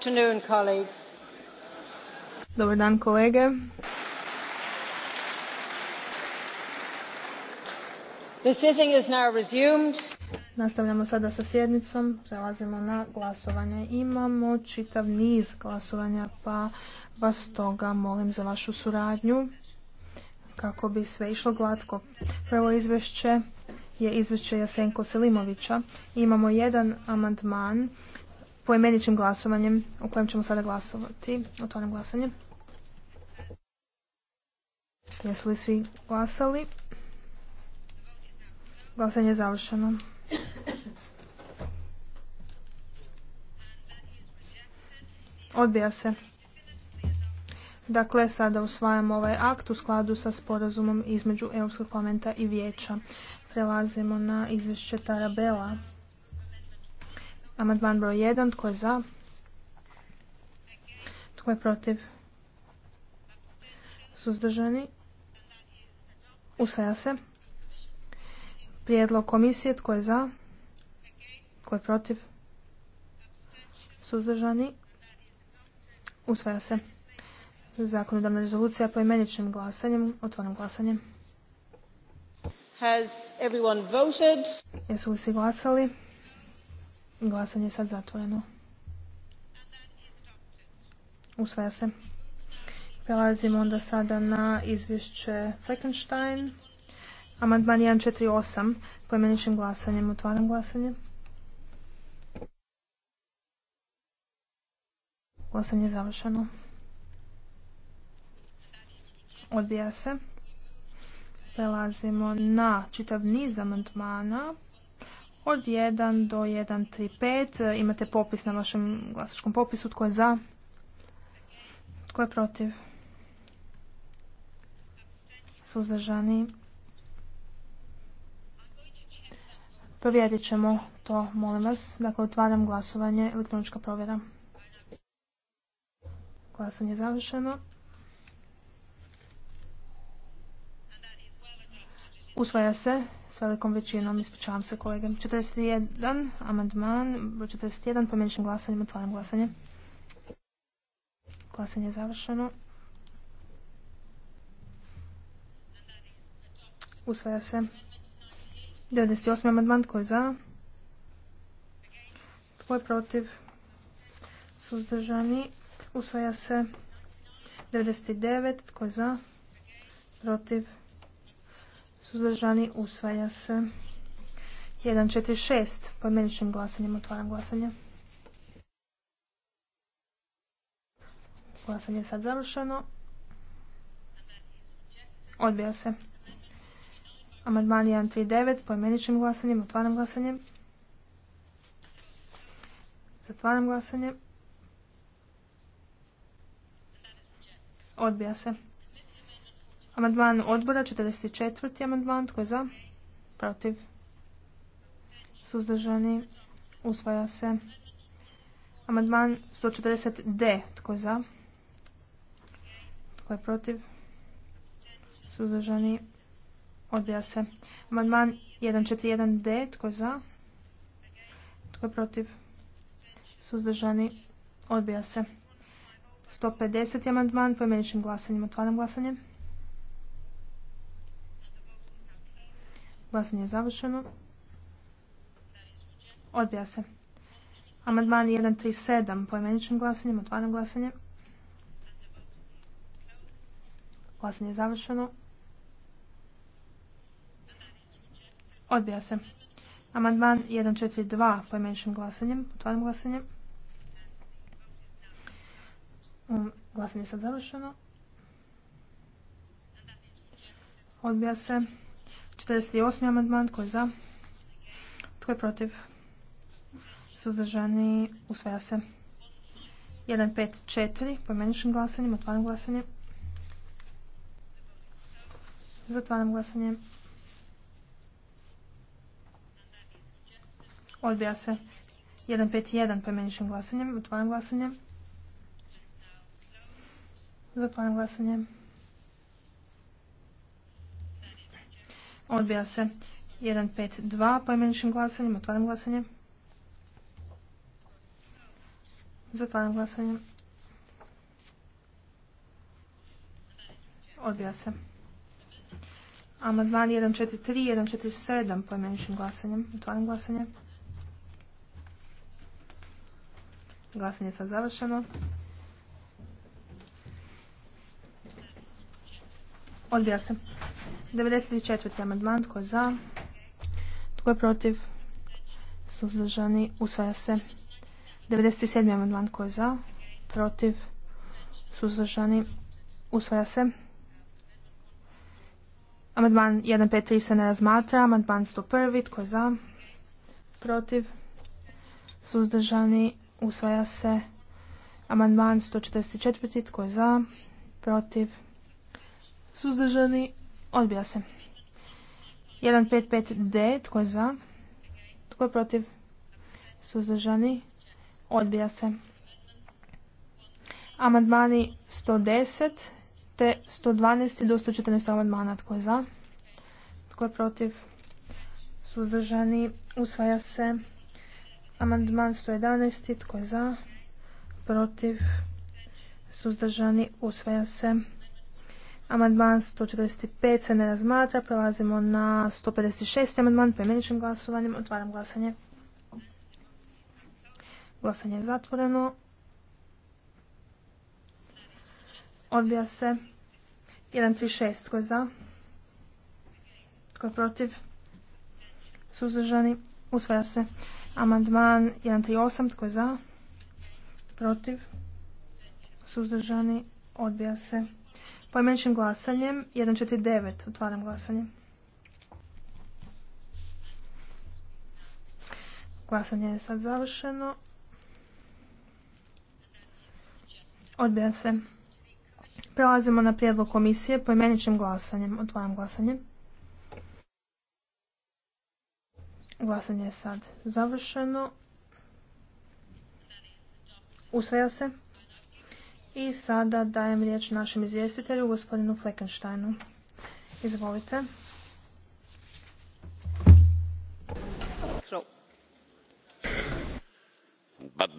afternoon, colleagues. Dobar dan kolege. The sitting is now resumed. Nastavljamo sada sa sjednicom, prelazimo na glasovanje. Imamo čitav niz glasovanja, pa vas toga molim za vašu suradnju kako bi sve išlo glatko. Prvo izvješće je izvješće Jasenko Selimovića. Imamo jedan amandman poimeničnim glasovanjem o kojem ćemo sada glasovati. Otvaram glasanje. Jesu li svi glasali? Glasanje je završeno. Odbija se. Dakle, sada usvajamo ovaj akt u skladu sa sporazumom između Europskog parlamenta i vijeća. Prelazimo na izvješće Tarabela. Amandman broj 1. Tko je za? Tko je protiv? Suzdržani? Usvaja se. Prijedlog komisije. Tko je za? Tko je protiv? Suzdržani? Usvaja se. Zakonodavna rezolucija imeničnim glasanjem. Otvornom glasanjem. li svi Jesu li svi glasali? Glasanje je sad zatvoreno. Usvaja se. Prelazimo onda sada na izvješće Fleckenstein. Amandman 148. Pojmeničnim glasanjem. Otvaram glasanje. Glasanje je završeno. Odbija se. Prelazimo na čitav niz amandmana od 1 do 1.35 imate popis na vašem glasačkom popisu. Tko je za? Tko je protiv? Suzdržani? Provjerit ćemo to, molim vas. Dakle, otvaram glasovanje, elektronička provjera. Glasanje je završeno. Usvaja se s velikom većinom, ispričavam se kolege. 41, amandman, 41, pomeničnim glasanjem, otvaram glasanje. Glasanje je završeno. Usvaja se. 98. amandman, tko je za? Tko je protiv? Suzdržani. Usvaja se. 99. Tko je za? Protiv? Suzdržani usvaja se. 1.4.6. Pojmeničnim glasanjem otvaram glasanje. Glasanje je sad završeno. Odbija se. Amandman 1.3.9. Pojmeničnim glasanjem otvaram glasanje. Zatvaram glasanje. Odbija se. Amandman odbora, 44. amandman, tko je za? Protiv? Suzdržani? Usvaja se. Amandman 140D, tko je za? Tko je protiv? Suzdržani? Odbija se. Amandman 141D, tko je za? Tko je protiv? Suzdržani? Odbija se. 150. amandman, pojmeničnim glasanjem. Otvaram glasanje. Glasanje je završeno. Odbija se. Amandman 137 poimeničnim glasanjem. Otvaram glasanje. Glasanje je završeno. Odbija se. Amandman 142 poimeničnim glasanjem. Otvaram glasanje. Mm, glasanje je sad završeno. Odbija se. 48. amandman, tko je za? Tko je protiv? Suzdržani usvaja se. 154, pomeničnim glasanjem, otvaram glasanje. Zatvaram glasanje. Odbija se. 151, pomeničnim glasanjem, otvaram glasanje. Zatvaram glasanje. Odbija se 152 poimeničnim glasanjem. Otvaram glasanje. Zatvaram glasanje. Odbija se. Amandman 143, 147 poimeničnim glasanjem. Otvaram glasanje. Glasanje je sad završeno. Odbija se. 94. amandman, tko je za? Tko je protiv? Suzdržani, usvaja se. 97. amandman, tko je za? Protiv? Suzdržani, usvaja se. Amandman 153 se ne razmatra. Amandman 101. Tko je za? Protiv? Suzdržani? Usvaja se. Amandman 144. Tko je za? Protiv? Suzdržani? Odbija se. 155D. Tko je za? Tko je protiv? Suzdržani. Odbija se. Amandmani 110 te 112 do 114 amandmana. Tko je za? Tko je protiv? Suzdržani. Usvaja se. Amandman 111. Tko je za? Protiv? Suzdržani. Usvaja se. Amandman 145 se ne razmatra. Prelazimo na 156. amandman premjeničnim glasovanjem. Otvaram glasanje. Glasanje je zatvoreno. Odbija se 136. Tko je za? Tko je protiv? Suzdržani? Usvaja se. Amandman 138. Tko je za? Protiv? Suzdržani? Odbija se. Pojmeničnim glasanjem 1.4.9. Otvaram glasanje. Glasanje je sad završeno. Odbija se. Prelazimo na prijedlog komisije poimeničnim glasanjem. Otvaram glasanje. Glasanje je sad završeno. Usvaja se. I sada dajem riječ našem izvjestitelju, gospodinu Fleckensteinu. Izvolite. But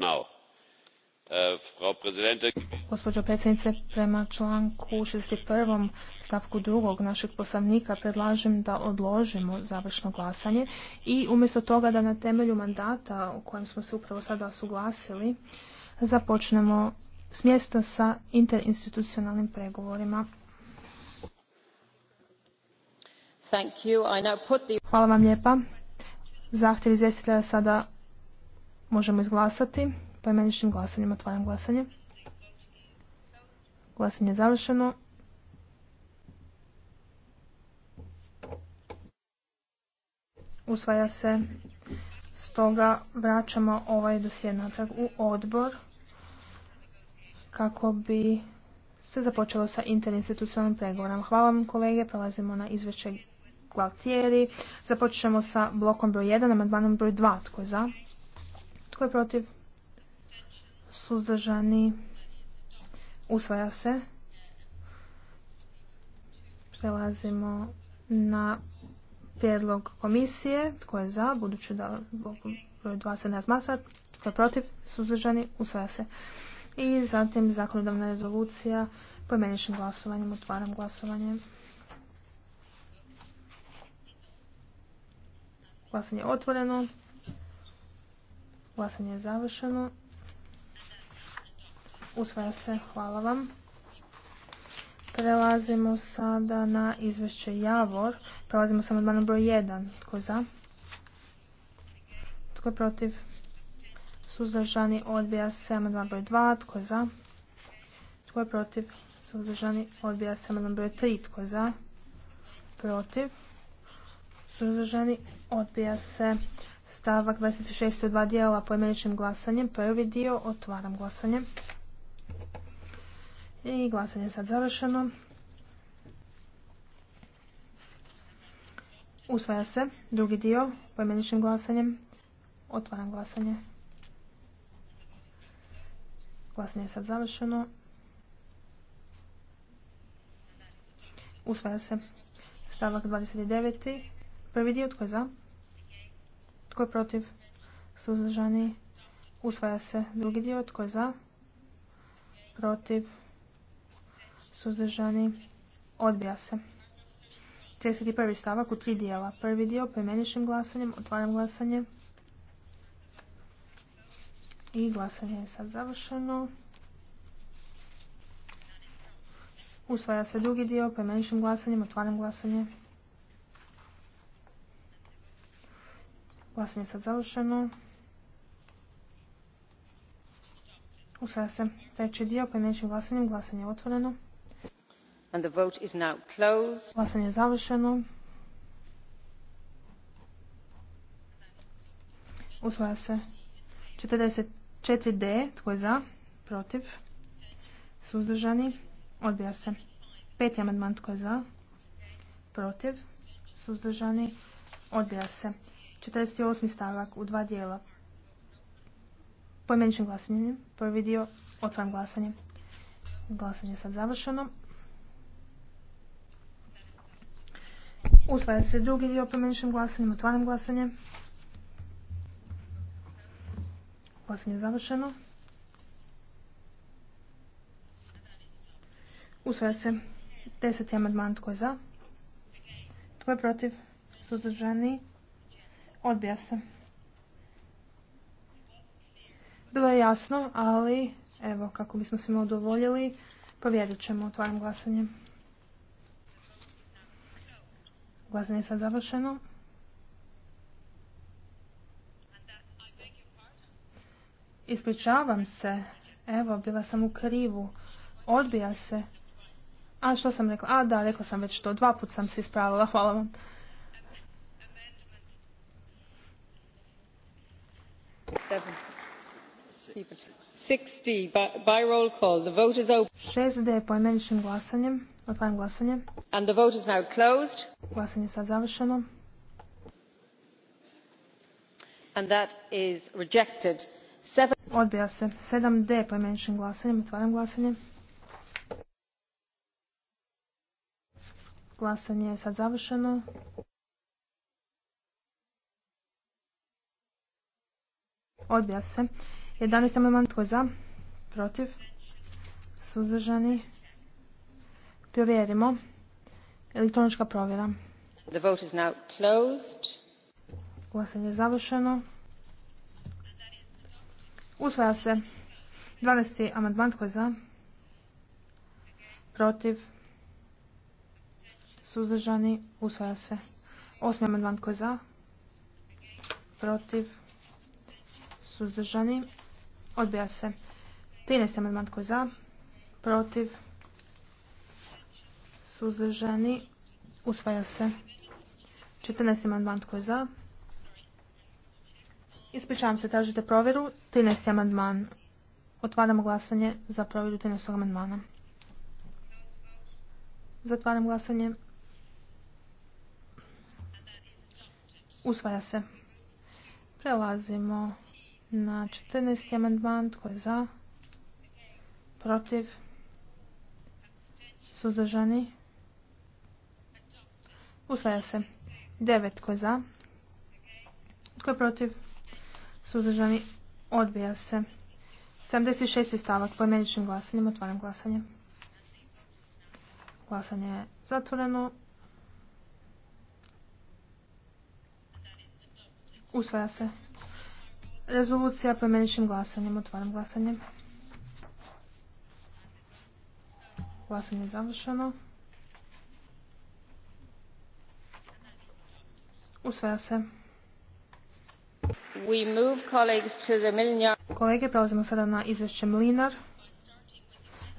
uh, predsjednice, prema članku 61. stavku 2. našeg poslovnika predlažem da odložimo završno glasanje i umjesto toga da na temelju mandata u kojem smo se upravo sada suglasili započnemo s mjesta sa interinstitucionalnim pregovorima. Hvala vam lijepa. Zahtjev izvjestitelja sada možemo izglasati. pojedinačnim glasanjem otvaram glasanje. Glasanje je završeno. Usvaja se. Stoga vraćamo ovaj dosjed u odbor kako bi se započelo sa interinstitucionalnim pregovorom. Hvala vam kolege, prelazimo na izveće kvalitijeri. Započnemo sa blokom broj 1, amandmanom broj 2. Tko je za? Tko je protiv? Suzdržani. Usvaja se. Prelazimo na prijedlog komisije. Tko je za? Budući da blok broj 2 se ne razmatra. Tko je protiv? Suzdržani. Usvaja se. I zatim zakonodavna rezolucija pojmeničnim glasovanjem. Otvaram glasovanje. Glasanje je otvoreno. Glasanje je završeno. Usvaja se. Hvala vam. Prelazimo sada na izvješće Javor. Prelazimo sa amandmanom broj 1. Tko je za? Tko je protiv? suzdržani, odbija se. Amandman broj 2, tko je za? Tko je protiv? Suzdržani, odbija se. Amandman broj 3, tko je za? Protiv? Suzdržani, odbija se. Stavak 26 u dva dijela poimeničnim glasanjem. Prvi dio, otvaram glasanje. I glasanje je sad završeno. Usvaja se drugi dio poimeničnim glasanjem. Otvaram glasanje. Glasanje je sad završeno. Usvaja se. Stavak 29. Prvi dio tko je za? Tko je protiv? Suzdržani. Usvaja se. Drugi dio tko je za? Protiv. Suzdržani. Odbija se. 31. stavak u tri dijela. Prvi dio poimeničnim glasanjem. Otvaram glasanje. I glasanje je sad završeno. Usvaja se drugi dio premenišem glasanjem, otvaram glasanje. Glasanje je sad završeno. Usvaja se treći dio premenišem glasanjem, glasanje je otvoreno. And the Glasanje je završeno. Usvaja se 4D, tko je za? Protiv? Suzdržani? Odbija se. Peti amandman, tko je za? Protiv? Suzdržani? Odbija se. 48. stavak u dva dijela. Pojmeničnim glasanjem. Prvi dio, otvaram glasanje. Glasanje je sad završeno. Usvaja se drugi dio pojmeničnim glasanjem, otvaram glasanje. Glasanje je završeno. Usvaja se. Deseti amandman. Tko je za? Tko je protiv? Suzdržani? Odbija se. Bilo je jasno, ali evo, kako bismo svima udovoljili, povjerit ćemo. Otvaram glasanje. Glasanje je sad završeno. Ispričavam se. Evo, bila sam u krivu. Odbija se. A što sam rekla? A da, rekla sam već to. Dva put sam se ispravila. Hvala vam. Šest D poimeničnim glasanjem. Otvajam glasanje. And the vote Glasanje je sad završeno. And that is rejected. Seven... Odbija se. 7D pojmeničnim glasanjem. Otvaram glasanje. Glasanje je sad završeno. Odbija se. 11. amandman tko je za? Protiv? Suzdržani? Provjerimo. Elektronička provjera. Glasanje je završeno. Usvaja se. 12. amandman tko je za? Protiv? Suzdržani? Usvaja se. 8. amandman tko je za? Protiv? Suzdržani? Odbija se. 13. amandman tko je za? Protiv? Suzdržani? Usvaja se. 14. amandman tko je za? Ispričavam se, tražite provjeru. 13. amandman. Otvaramo glasanje za provjeru 13. amandmana. Zatvaram glasanje. Usvaja se. Prelazimo na 14. amandman. Tko je za? Protiv? Suzdržani? Usvaja se. 9. Tko je za? Tko je protiv? Suzdržani odbija se. 76. stavak po glasanjem. Otvaram glasanje. Glasanje je zatvoreno. Usvaja se. Rezolucija po glasanjem. Otvaram glasanje. Glasanje je završeno. Usvaja se. Kolege, prelazimo sada na izvješće Mlinar.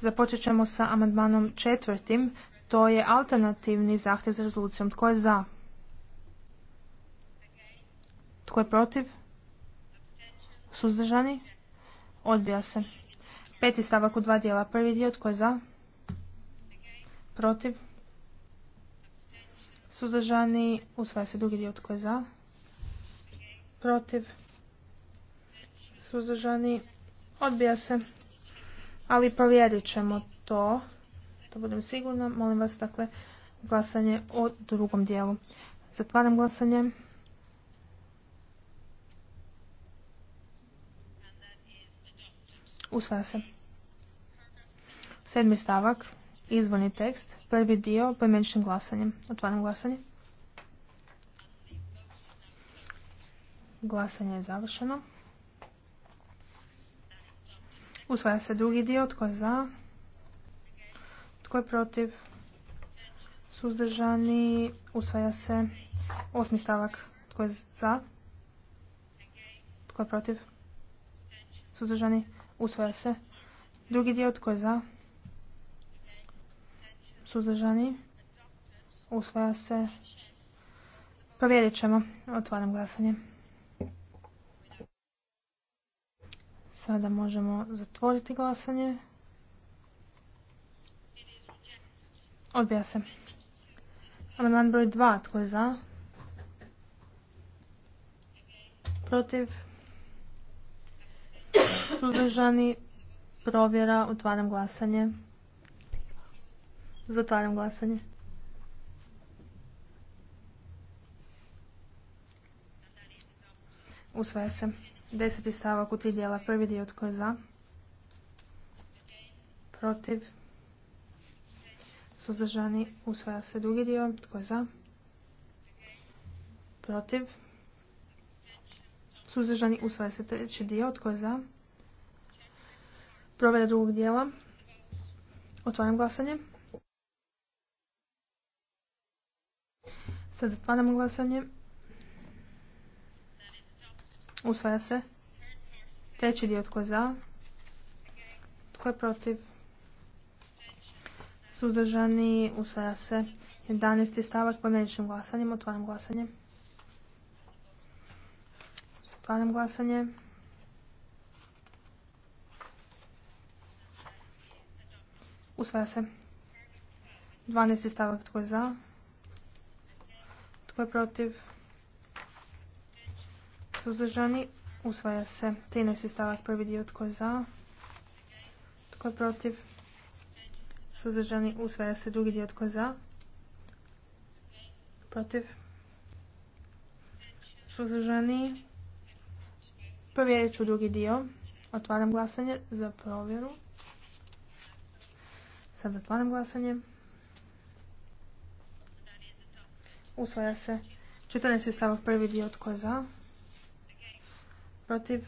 Započet ćemo sa amandmanom četvrtim. To je alternativni zahtjev za rezolucijom. Tko je za? Tko je protiv? Suzdržani? Odbija se. Peti stavak u dva dijela. Prvi dio tko je za? Protiv? Suzdržani? Usvaja se drugi dio tko je za? protiv, suzdržani, odbija se. Ali povjerit ćemo to, da budem sigurna. Molim vas, dakle, glasanje o drugom dijelu. Zatvaram glasanje. Usvaja se. Sedmi stavak, izvorni tekst, prvi dio, pojmeničnim glasanjem. Otvaram glasanje. Glasanje je završeno. Usvaja se drugi dio. Tko je za? Tko je protiv? Suzdržani. Usvaja se osmi stavak. Tko je za? Tko je protiv? Suzdržani. Usvaja se. Drugi dio. Tko je za? Suzdržani. Usvaja se. Provjerit ćemo. Otvaram glasanje. Sada možemo zatvoriti glasanje. Odbija se. Amandman broj 2. Tko je za? Protiv? Suzdržani? Provjera. Otvaram glasanje. Zatvaram glasanje. Usvaja se. Deseti stavak u tri dijela. Prvi dio tko je za? Protiv? Suzdržani usvaja se drugi dio. Tko je za? Protiv? Suzdržani usvaja se treći dio. Tko je za? Provjera drugog dijela. Otvaram glasanje. Sad zatvaramo glasanje. Usvaja se. Treći dio tko je za? Tko je protiv? Suzdržani. Usvaja se. 11. stavak pomeničnim glasanjem. Otvaram glasanje. Otvaram glasanje. Usvaja se. 12. stavak tko je za? Tko je protiv? suzdržani, usvaja se. 13. stavak prvi dio tko za, tko protiv, suzdržani, usvaja se. Drugi dio tko je za, protiv, suzdržani. Provjerit ću drugi dio. Otvaram glasanje za provjeru. Sad otvaram glasanje. Usvaja se 14. stavak prvi dio tko je za protiv,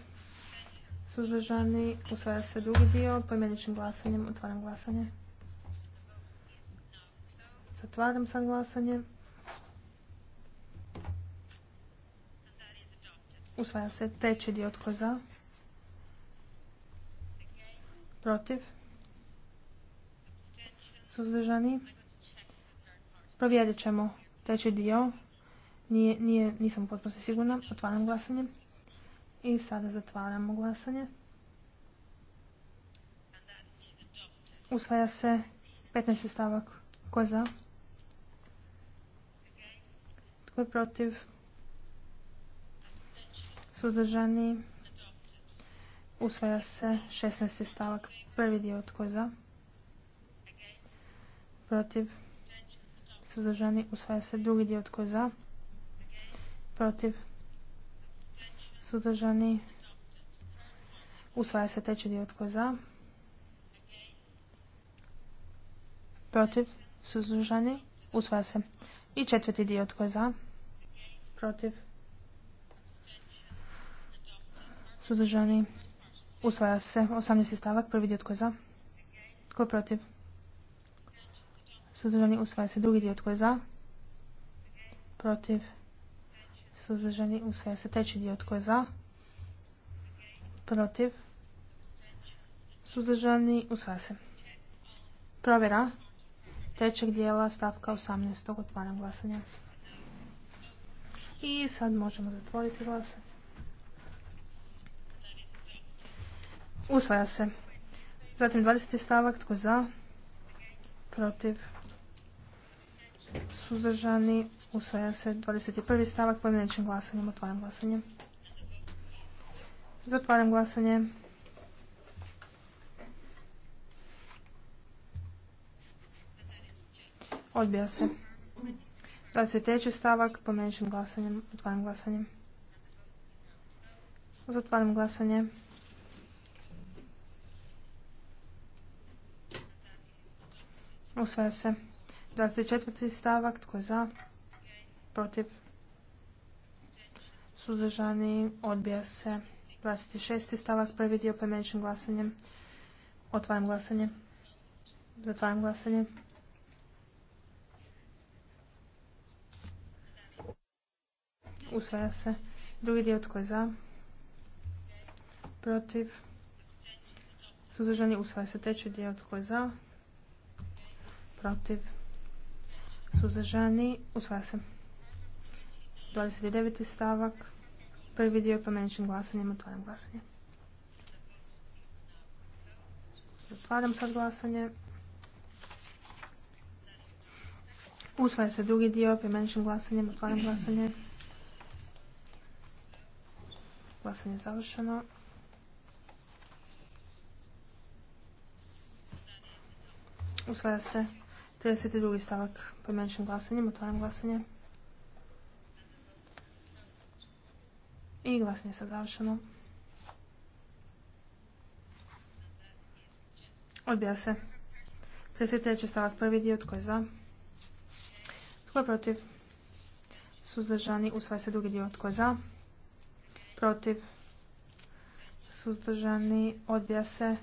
suzdržani, usvaja se drugi dio, pojmeničnim glasanjem, otvaram glasanje. Zatvaram sad glasanje. Usvaja se treći dio tko je za. Protiv. Suzdržani. Provjerit ćemo treći dio. Nije, nije, nisam potpuno sigurna. Otvaram glasanje. I sada zatvaramo glasanje. Usvaja se 15. stavak. Tko je za? Tko je protiv? Suzdržani. Usvaja se 16. stavak. Prvi dio. Tko je za? Protiv. Suzdržani. Usvaja se drugi dio. Tko je za? Protiv suzdržani, usvaja se treći dio tko za, protiv, suzdržani, usvaja se i četvrti dio tko za, protiv, suzdržani, usvaja se 18. stavak, prvi dio tko je za, tko je protiv, suzdržani, usvaja se drugi dio tko je za, protiv, suzdržani, usvaja se. Treći dio tko je za, protiv, suzdržani, usvaja se. Provjera trećeg dijela stavka 18. otvaram glasanja I sad možemo zatvoriti glasanje. Usvaja se. Zatim 20. stavak, tko za, protiv, suzdržani, Usvaja se 21. stavak pojedinačnim glasanjem. Otvaram glasanje. Zatvaram glasanje. Odbija se. 23. stavak pojedinačnim glasanjem. Otvaram glasanje. Zatvaram glasanje. Usvaja se. 24. stavak. Tko je za? protiv, suzdržani, odbija se. 26. stavak, prvi dio pomeničnim glasanjem. otvajam glasanje. zatvajam glasanje. Usvaja se. Drugi dio tko je za? Protiv. Suzdržani usvaja se. Treći dio tko je za? Protiv. Suzdržani usvaja se. 29. stavak, prvi dio pomeničnim glasanjem, otvaram glasanje. Otvaram sad glasanje. Usvaja se drugi dio glasanjem, otvaram glasanje. Glasanje je završeno. Usvaja se 32. stavak pomeničnim glasanjem, otvaram glasanje. I glas sad završeno. Odbija se. 33. stavak prvi dio, tko je za? Tko je protiv? Suzdržani, usvaja se drugi dio, tko je za? Protiv? Suzdržani, odbija se.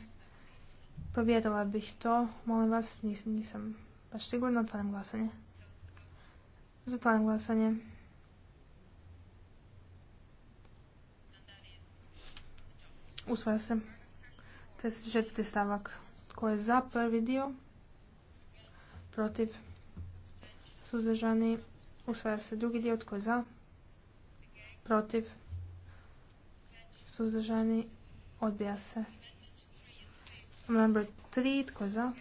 Provjerila bih to, molim vas, nisam baš sigurna, otvaram glasanje. Zatvaram glasanje. Usvaja se. četvrti stavak. Tko je za prvi dio? Protiv? Suzdržani? Usvaja se drugi dio. Tko je za? Protiv? Suzdržani? Odbija se. Number 3. Tko je za?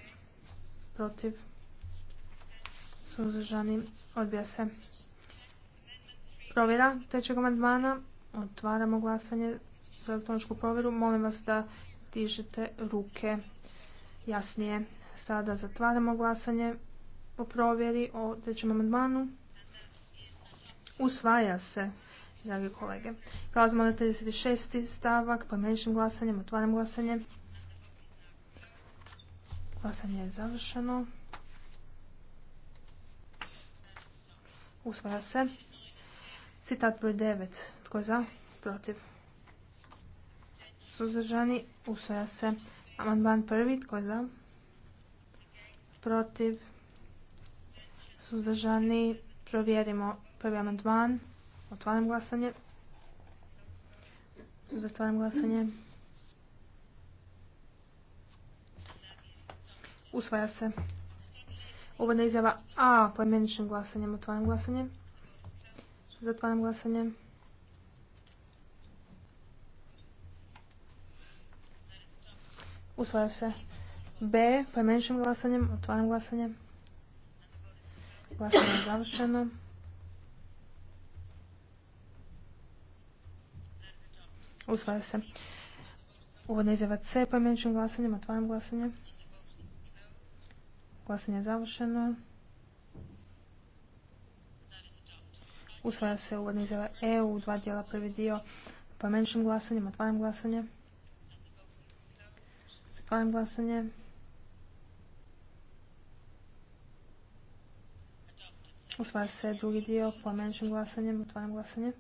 Protiv? Suzdržani? Odbija se. Provjera trećeg amandmana. Otvaramo glasanje za elektroničku provjeru. Molim vas da dižete ruke jasnije. Sada zatvaramo glasanje o provjeri o trećem amandmanu. Usvaja se, dragi kolege. Prelazimo na 36. stavak, pojmeničnim glasanjem, otvaram glasanje. Glasanje je završeno. Usvaja se. Citat broj 9. Tko je za? Protiv suzdržani, usvaja se. Amandman prvi, tko je za? Protiv, suzdržani, provjerimo prvi amandman. Otvaram glasanje. Zatvaram glasanje. Usvaja se. Uvodna izjava A pojmeničnim glasanjem. Otvaram glasanje. Zatvaram glasanje. Usvaja se. B. Pojmeničnim glasanjem. Otvaram glasanje. Glasanje je završeno. Usvaja se. Uvodna izjava C. Pojmeničnim glasanjem. Otvaram glasanje. Glasanje je završeno. Usvaja se uvodna izjava E u dva dijela prvi dio pojmeničnim glasanjem. Otvaram glasanje. Otvaram glasanje. Usvaja se drugi dio pomeničnim glasanjem. Otvaram glasanje.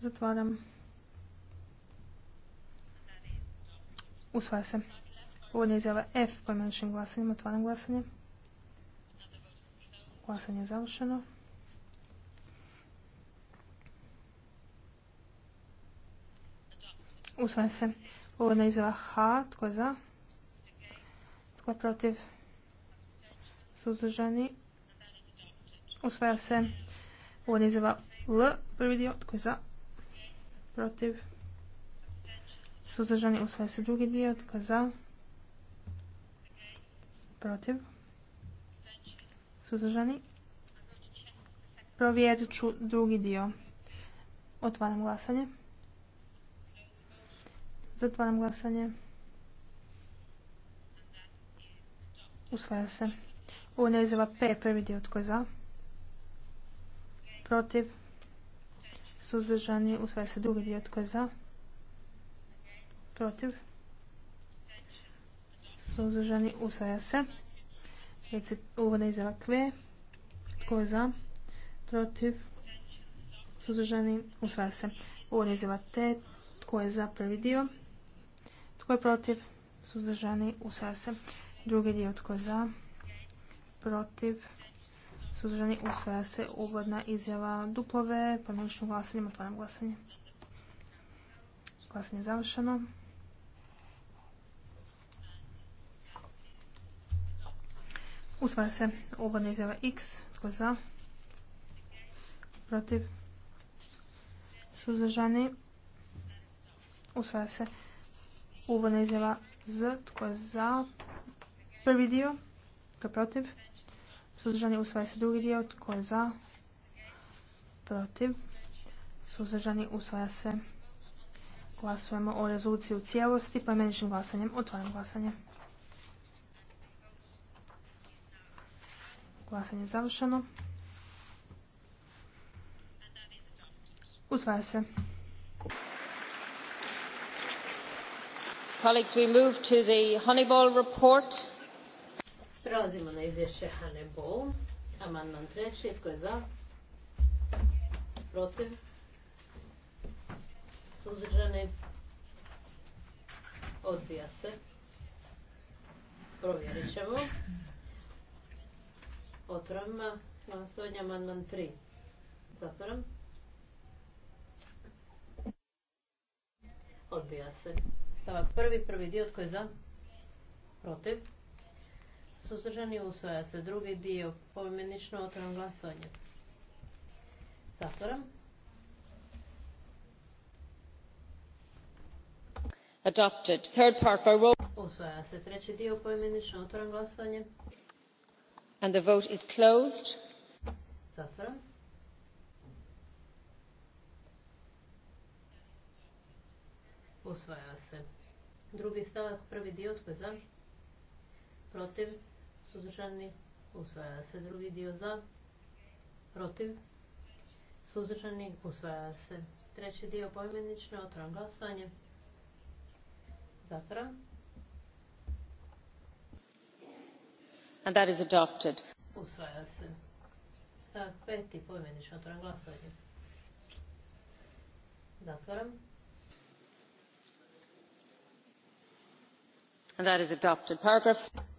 Zatvaram. Usvaja se. Uvodna izjava F pomeničnim glasanjem. Otvaram glasanje. Glasanje je završeno. Usvaja se. Uvodna izjava H. Tko je za? Tko je protiv? Suzdržani. Usvaja se. Uvodna izjava L. Prvi dio. Tko je za? Protiv. Suzdržani. Usvaja se drugi dio. Tko je za? Protiv. Suzdržani. Provjerit ću drugi dio. Otvaram glasanje. Zatvaram glasanje. Usvaja se. Uvodna izjava P, prvi dio tko je za? Protiv? Suzdržani? Usvaja se drugi dio tko je za? Protiv? Suzdržani? Usvaja se. Uvodna izjava Q, tko je za? Protiv? Suzdržani? Usvaja se. Uvodna izjava T, tko je za prvi dio? Tko je protiv? Suzdržani usvaja se. Drugi dio tko je za? Protiv? Suzdržani usvaja se. Uvodna izjava duplove. Pomenično glasanje. Otvaram glasanje. Glasanje je završeno. Usvaja se uvodna izjava X. Tko je za? Protiv? Suzdržani usvaja se. Uvodna izjava Z, tko je za prvi dio, tko je protiv. Suzdržani usvaja se drugi dio, tko je za, protiv. Suzdržani usvaja se. Glasujemo o rezoluciji u cijelosti, pa glasanjem otvaram glasanje. Glasanje je završeno. Usvaja se. move to the report. Prelazimo na izvješće Honeyball. Amandman treći, tko je za? Protiv? Suzdržani? Odbija se. Provjerit ćemo. Otvaram glasovanje amandman tri Zatvaram. Odbija se. Stavak prvi, prvi dio tko je za? Protiv. Suzdržani usvaja se. Drugi dio poimenično otvoram glasovanje. Zatvoram. Adopted. Third part by Usvaja se. Treći dio poimenično otvorom glasovanje. And the vote is closed. Zatvoram. Usvaja se. Drugi stavak, prvi dio, tko je za? Protiv, suzdržani, usvaja se. Drugi dio za, protiv, suzdržani, usvaja se. Treći dio pojmenično, otvoram glasovanje. Zatvoram. And that is adopted. Usvaja se. Stavak peti pojmenično, otvoram glasovanje. Zatvoram. And that is adopted.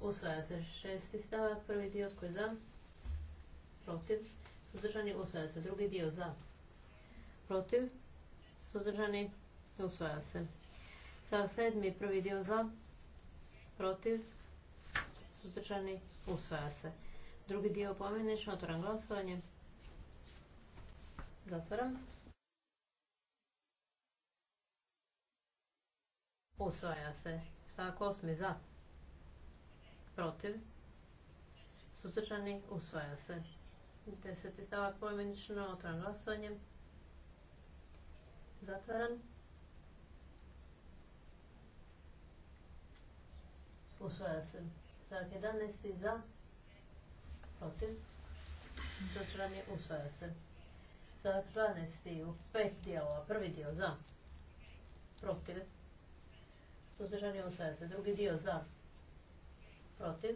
Usvaja se šest. stavak, prvi dio tko je za, protiv, suzdržani, usvaja se drugi dio za, protiv, suzdržani, usvaja se. sa sedmi, prvi dio za, protiv, suzdržani, usvaja se. Drugi dio pomenično, otvoram glasovanje. Zatvaram. Usvaja se. Stavak osmi za. Protiv. Suzdržani usvaja se. Deseti stavak pojmenično. otvoran glasovanje. zatvoren, Usvaja se. Stavak 11. za. Protiv. Suzdržani usvaja se. Stavak 12. u pet dijelova. Prvi dio za. Protiv suzdržani usvaja se. Drugi dio za, protiv,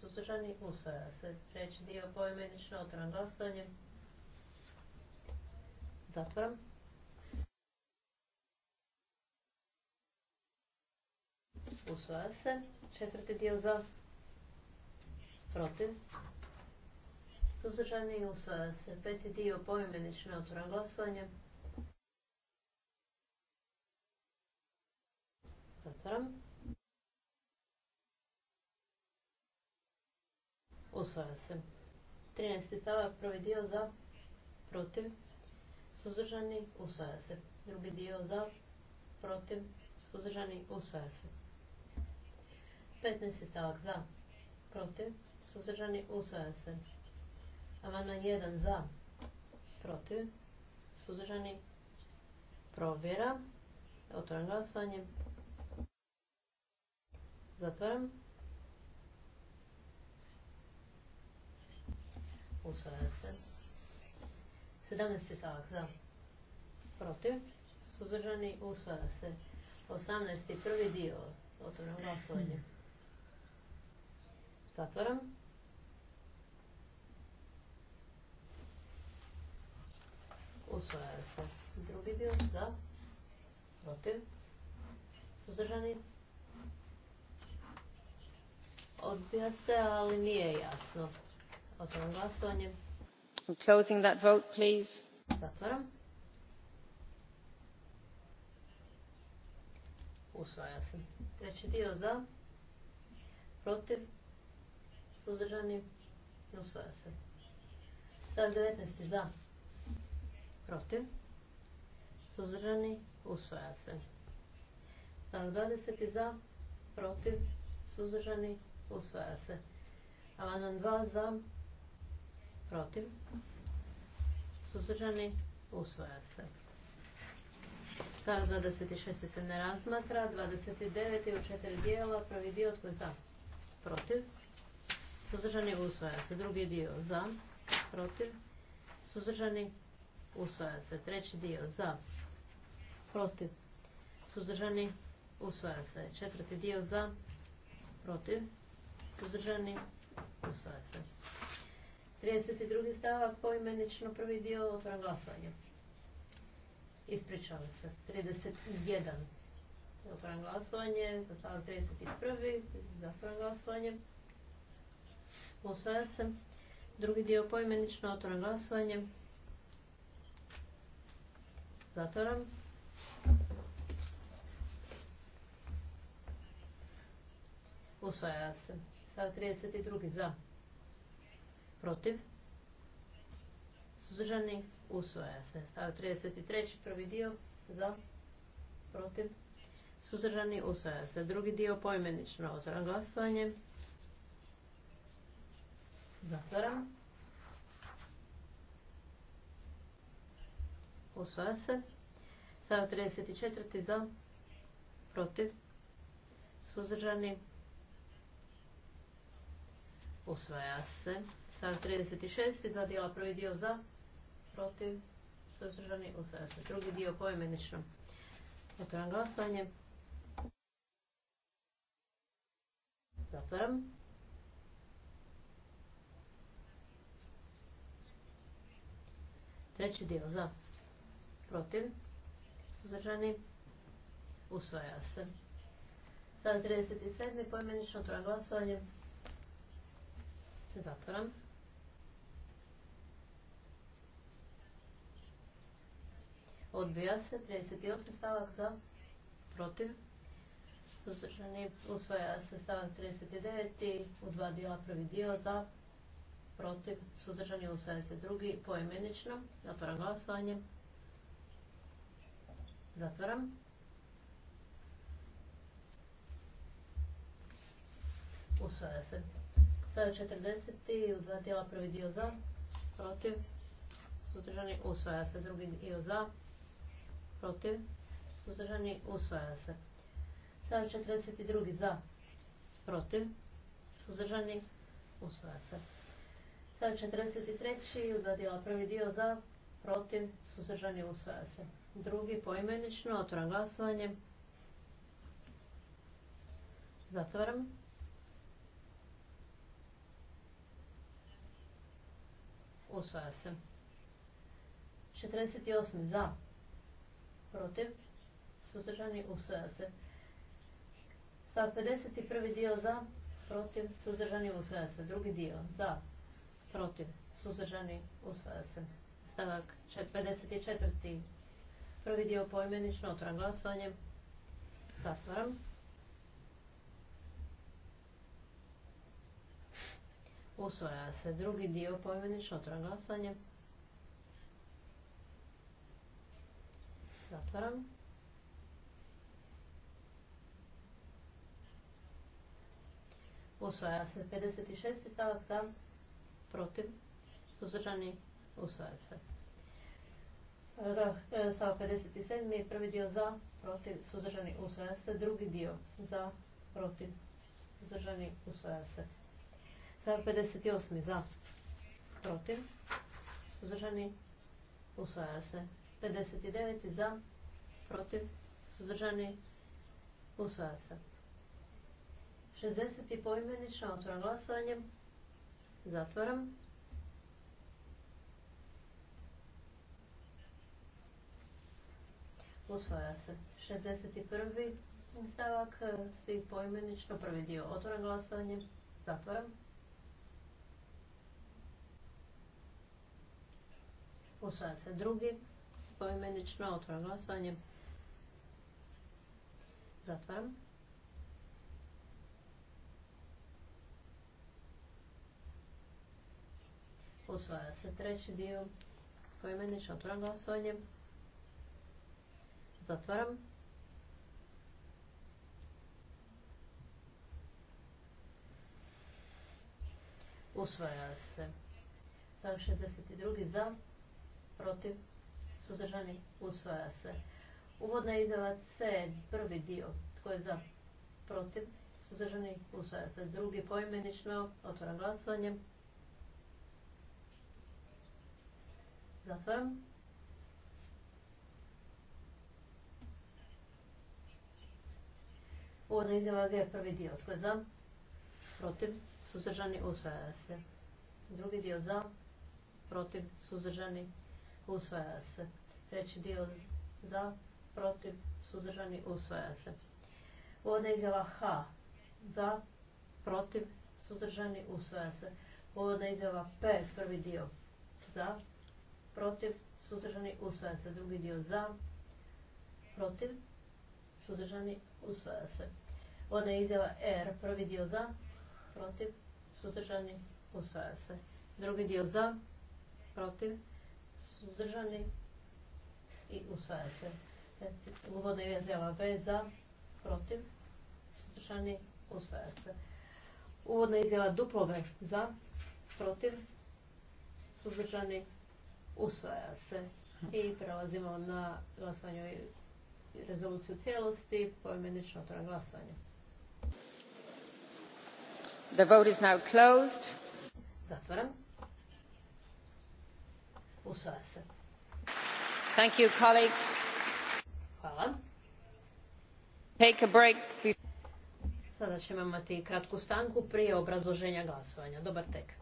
suzdržani usvaja se. Treći dio poimenično otvoran glasovanje. Zatvoram. Usvaja se. Četvrti dio za, protiv, suzdržani usvaja se. Peti dio poimenično otvoran glasovanje. Zatvaram. Usvaja se. 13. stavak, prvi dio za, protiv, suzdržani, usvaja se. Drugi dio za, protiv, suzdržani, usvaja se. 15. stavak za, protiv, suzdržani, usvaja se. Amandman 1 za, protiv, suzdržani, provjera, otvoren glasovanje. Zatvaram. Usvaja se. 17. stavak za. Protiv. Suzdržani. Usvaja se. 18. prvi dio. Otvoram glasovanje. Zatvaram. Usvaja se. Drugi dio za. Protiv. Suzdržani. Odbija se, ali nije jasno. Otvaram glasovanje. I'm closing that vote, please. Zatvaram. Usvaja se. Treći dio za, protiv, suzdržani, usvaja se. Sad 19. za, protiv, suzdržani, usvaja se. Stavak 20. za, protiv, suzdržani, Usvaja se. Amandman 2 za. Protiv. Suzdržani. Usvaja se. dvadeset 26. se ne razmatra. 29. u četiri dijela. Prvi dio tko je za. Protiv. Suzdržani. Usvaja se. Drugi dio za. Protiv. Suzdržani. Usvaja se. Treći dio za. Protiv. Suzdržani. Usvaja se. Četvrti dio za. Protiv suzdržani, usvaja 32. stavak poimenično prvi dio otvoran glasovanje. Ispričavam se. 31. Otvoran glasovanje. Za stavak 31. Zatvoran glasovanje. Usvaja se. Drugi dio poimenično otvoran glasovanje. Zatvoram. Usvaja se. 32 za. Protiv. Suzdržani usvaja se. Stav 33. Prvi dio za. Protiv. Suzdržani usvaja se. Drugi dio poimenično. Otvoram glasovanje. Zatvaram. Usvaja se. Stav 34. za. Protiv. Suzdržani Usvaja se. Stav 36. Dva dijela. Prvi dio za. Protiv. Suzdržani. Usvaja se. Drugi dio poimenično. Otvaram glasovanje. Zatvaram. Treći dio za. Protiv. Suzdržani. Usvaja se. Stav 37. Poimenično. Otvaram glasovanje. Zatvoram. Odbija se. 38. stavak za. Protiv. Usvaja se stavak 39. U dva dijela prvi dio za. Protiv. Suzdržani. Usvaja se drugi. Poimenično. Zatvoram glasovanje. Zatvoram. Usvaja se. 40 u dva dijela prvi dio za, protiv, suzdržani, usvaja se. Drugi dio za, protiv, suzdržani, usvaja se. 42 za, protiv, suzdržani, usvaja se. 43 u dva dijela prvi dio za, protiv, suzdržani, usvaja se. Drugi poimenično, otvoram glasovanje. Zatvaram. Usvaja se. 48. Za. Protiv. Suzdržani. Usvaja se. Stavak 51. dio za. Protiv. Suzdržani. Usvaja se. Drugi dio. Za. Protiv. Suzdržani. Usvaja se. Stavak 54. Prvi dio poimenično. Otvoram glasovanje. Zatvoram. Usvaja se drugi dio pojmenično traglasanje. Zatvaram. Usvaja se 56. stavak za, protiv, suzdržani, usvaja se. E, stavak 57. prvi dio za, protiv, suzdržani, usvaja se. Drugi dio za, protiv, suzdržani, usvaja se. Za 58. za. Protiv. Suzdržani. Usvaja se. 59. za. Protiv. Suzdržani. Usvaja se. 60. poimenično otvoram glasovanjem, Zatvaram. Usvaja se. 61. stavak, svi poimenično, prvi dio otvoram glasovanjem, zatvoram. Usvaja se drugi. Poimenično otvoreno glasovanje. Zatvaram. Usvaja se treći dio. Poimenično otvoreno glasovanje. Zatvaram. Usvaja se. Sam 62. za protiv, suzdržani, usvaja se. Uvodna izjava C, prvi dio, tko je za, protiv, suzdržani, usvaja se. Drugi poimenično, otvara glasovanje. Zatvaram. Uvodna izjava G, prvi dio, tko je za, protiv, suzdržani, usvaja se. Drugi dio za, protiv, suzdržani, usvaja se. Treći dio za, protiv, suzdržani, usvaja se. Uvodna izjava H za, protiv, suzdržani, usvaja se. Uvodna izjava P, prvi dio za, protiv, suzdržani, usvaja se. Drugi dio za, protiv, suzdržani, usvaja se. Uvodna izjava R, prvi dio za, protiv, suzdržani, usvaja se. Drugi dio za, protiv, suzdržani i usvaja se. Uvodna izjava B za, protiv, suzdržani, usvaja se. Uvodna izjava duplo B za, protiv, suzdržani, usvaja se. I prelazimo na i rezoluciju cijelosti, to otvoren glasovanje. The vote is now closed. Zatvaram. Usvaja se. Thank you, colleagues. Hvala. Take a break. Sada ćemo imati kratku stanku prije obrazloženja glasovanja. Dobar tek.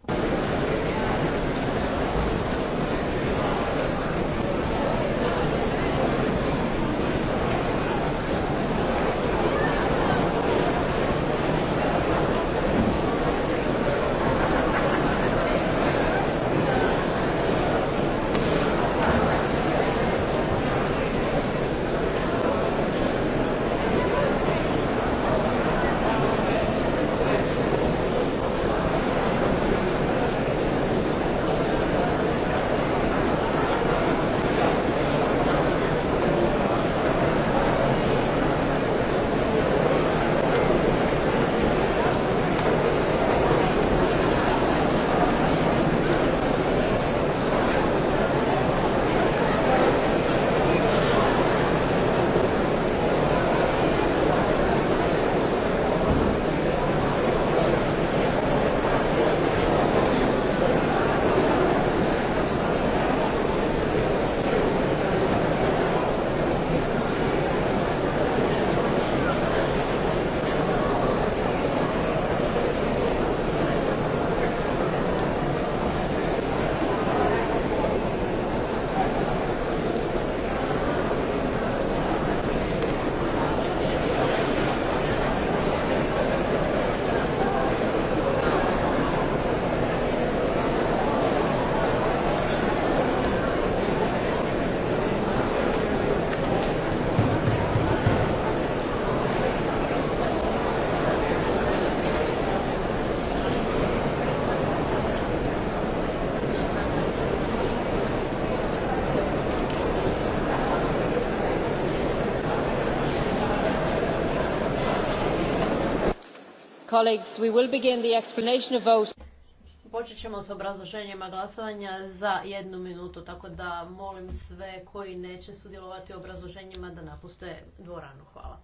Počet ćemo s obrazloženjima glasovanja za jednu minutu, tako da molim sve koji neće sudjelovati u obrazloženjima da napuste dvoranu. Hvala.